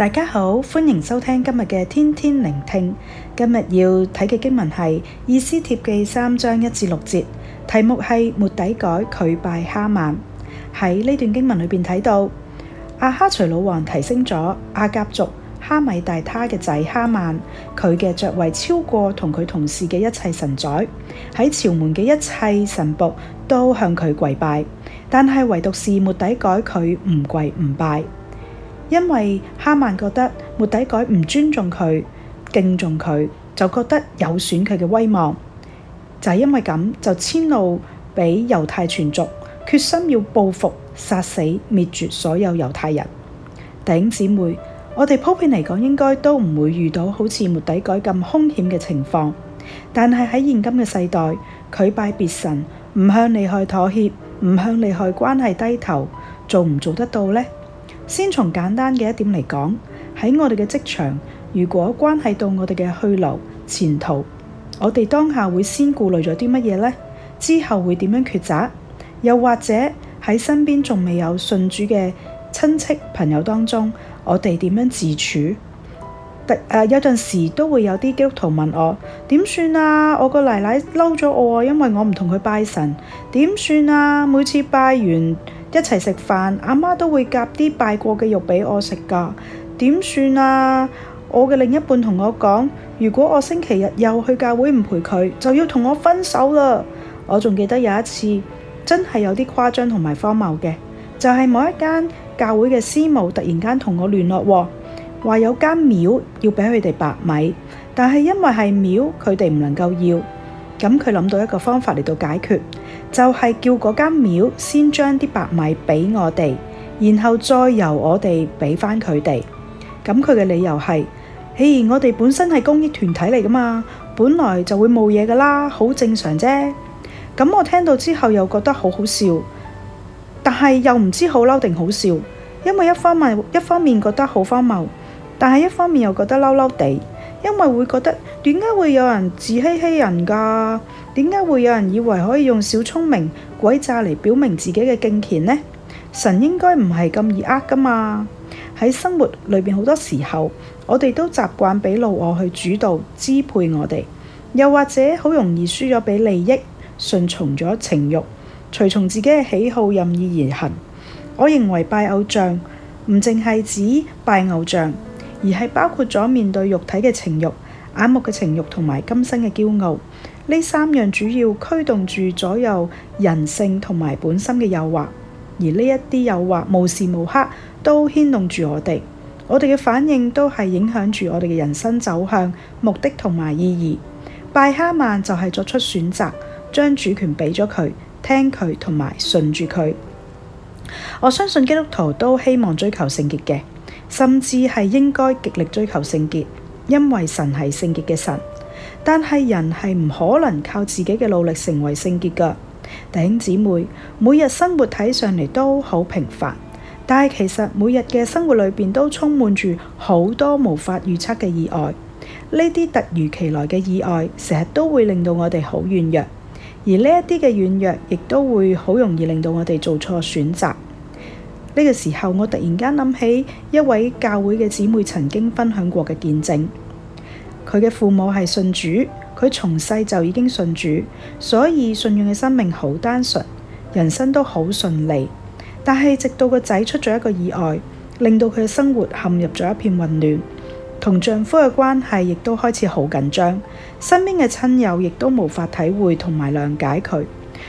大家好，歡迎收聽今日嘅天天聆聽。今日要睇嘅經文係《以斯帖記》三章一至六節，題目係末底改拒拜哈曼。喺呢段經文裏邊睇到，亞哈隨魯王提升咗亞甲族哈米大他嘅仔哈曼，佢嘅爵位超過同佢同事嘅一切臣宰。喺朝門嘅一切臣僕都向佢跪拜，但係唯獨是末底改佢唔跪唔拜。因為哈曼覺得末底改唔尊重佢、敬重佢，就覺得有損佢嘅威望，就係、是、因為咁就遷怒俾猶太全族，決心要報復、殺死、滅絕所有猶太人。弟兄姊妹，我哋普遍嚟講應該都唔會遇到好似末底改咁兇險嘅情況，但係喺現今嘅世代，拒拜別神、唔向利益妥協、唔向利害關係低頭，做唔做得到呢？先從簡單嘅一點嚟講，喺我哋嘅職場，如果關係到我哋嘅去留前途，我哋當下會先顧慮咗啲乜嘢呢？之後會點樣抉擇？又或者喺身邊仲未有信主嘅親戚朋友當中，我哋點樣自處？有陣時都會有啲基督徒問我：點算啊？我個奶奶嬲咗我，因為我唔同佢拜神，點算啊？每次拜完。一齊食飯，阿媽都會夾啲拜過嘅肉俾我食㗎。點算啊？我嘅另一半同我講，如果我星期日又去教會唔陪佢，就要同我分手啦。我仲記得有一次，真係有啲誇張同埋荒謬嘅，就係、是、某一間教會嘅師母突然間同我聯絡、哦，話有間廟要俾佢哋白米，但係因為係廟，佢哋唔能夠要。咁佢諗到一個方法嚟到解決，就係叫嗰間廟先將啲白米俾我哋，然後再由我哋俾返佢哋。咁佢嘅理由係，嘿，我哋本身係公益團體嚟噶嘛，本來就會冇嘢噶啦，好正常啫。咁我聽到之後又覺得好好笑，但係又唔知好嬲定好笑，因為一方面一方面覺得好荒謬，但係一方面又覺得嬲嬲地。因為會覺得點解會有人自欺欺人㗎？點解會有人以為可以用小聰明、詭詐嚟表明自己嘅敬虔呢？神應該唔係咁易呃㗎嘛？喺生活裏邊好多時候，我哋都習慣俾老我去主導、支配我哋，又或者好容易輸咗俾利益，順從咗情慾，隨從自己嘅喜好任意而行。我認為拜偶像唔淨係指拜偶像。而係包括咗面對肉體嘅情慾、眼目嘅情慾同埋今生嘅驕傲，呢三樣主要驅動住左右人性同埋本身嘅誘惑。而呢一啲誘惑無時無刻都牽動住我哋，我哋嘅反應都係影響住我哋嘅人生走向、目的同埋意義。拜哈曼就係作出選擇，將主權俾咗佢，聽佢同埋順住佢。我相信基督徒都希望追求聖潔嘅。甚至係應該極力追求聖潔，因為神係聖潔嘅神，但係人係唔可能靠自己嘅努力成為聖潔㗎。弟兄姊妹，每日生活睇上嚟，都好平凡，但係其實每日嘅生活裏邊都充滿住好多無法預測嘅意外。呢啲突如其來嘅意外，成日都會令到我哋好軟弱，而呢一啲嘅軟弱，亦都會好容易令到我哋做錯選擇。呢個時候，我突然間諗起一位教會嘅姐妹曾經分享過嘅見證，佢嘅父母係信主，佢從細就已經信主，所以信仰嘅生命好單純，人生都好順利。但係直到個仔出咗一個意外，令到佢嘅生活陷入咗一片混亂，同丈夫嘅關係亦都開始好緊張，身邊嘅親友亦都無法體會同埋諒解佢，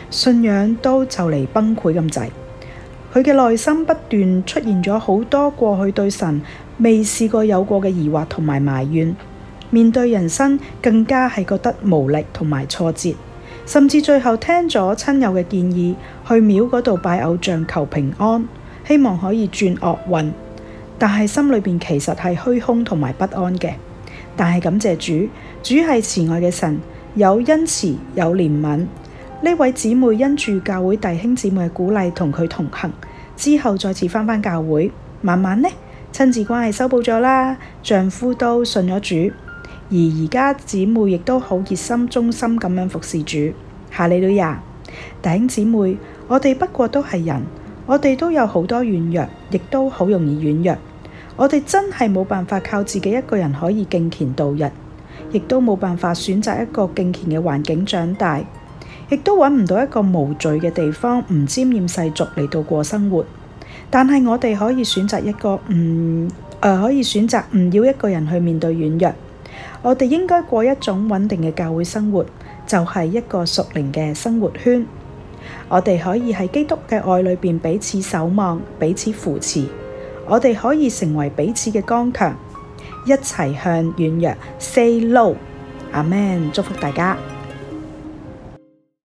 信仰都就嚟崩潰咁滯。佢嘅內心不斷出現咗好多過去對神未試過有過嘅疑惑同埋埋怨，面對人生更加係覺得無力同埋挫折，甚至最後聽咗親友嘅建議去廟嗰度拜偶像求平安，希望可以轉惡運，但係心裏邊其實係虛空同埋不安嘅。但係感謝主，主係慈愛嘅神，有恩慈，有憐憫。呢位姊妹因住教會弟兄姊妹嘅鼓勵，同佢同行之後，再次返返教會，慢慢呢，親子關係修補咗啦。丈夫都信咗主，而而家姊妹亦都好熱心忠心咁樣服侍主。哈利路亞呀，弟兄姊妹，我哋不過都係人，我哋都有好多軟弱，亦都好容易軟弱。我哋真係冇辦法靠自己一個人可以敬虔度日，亦都冇辦法選擇一個敬虔嘅環境長大。亦都揾唔到一個無罪嘅地方，唔沾染世俗嚟到過生活。但係我哋可以選擇一個唔誒、嗯呃，可以選擇唔要一個人去面對軟弱。我哋應該過一種穩定嘅教會生活，就係、是、一個熟靈嘅生活圈。我哋可以喺基督嘅愛裏邊彼此守望、彼此扶持。我哋可以成為彼此嘅光強，一齊向軟弱 say no。阿 Man 祝福大家。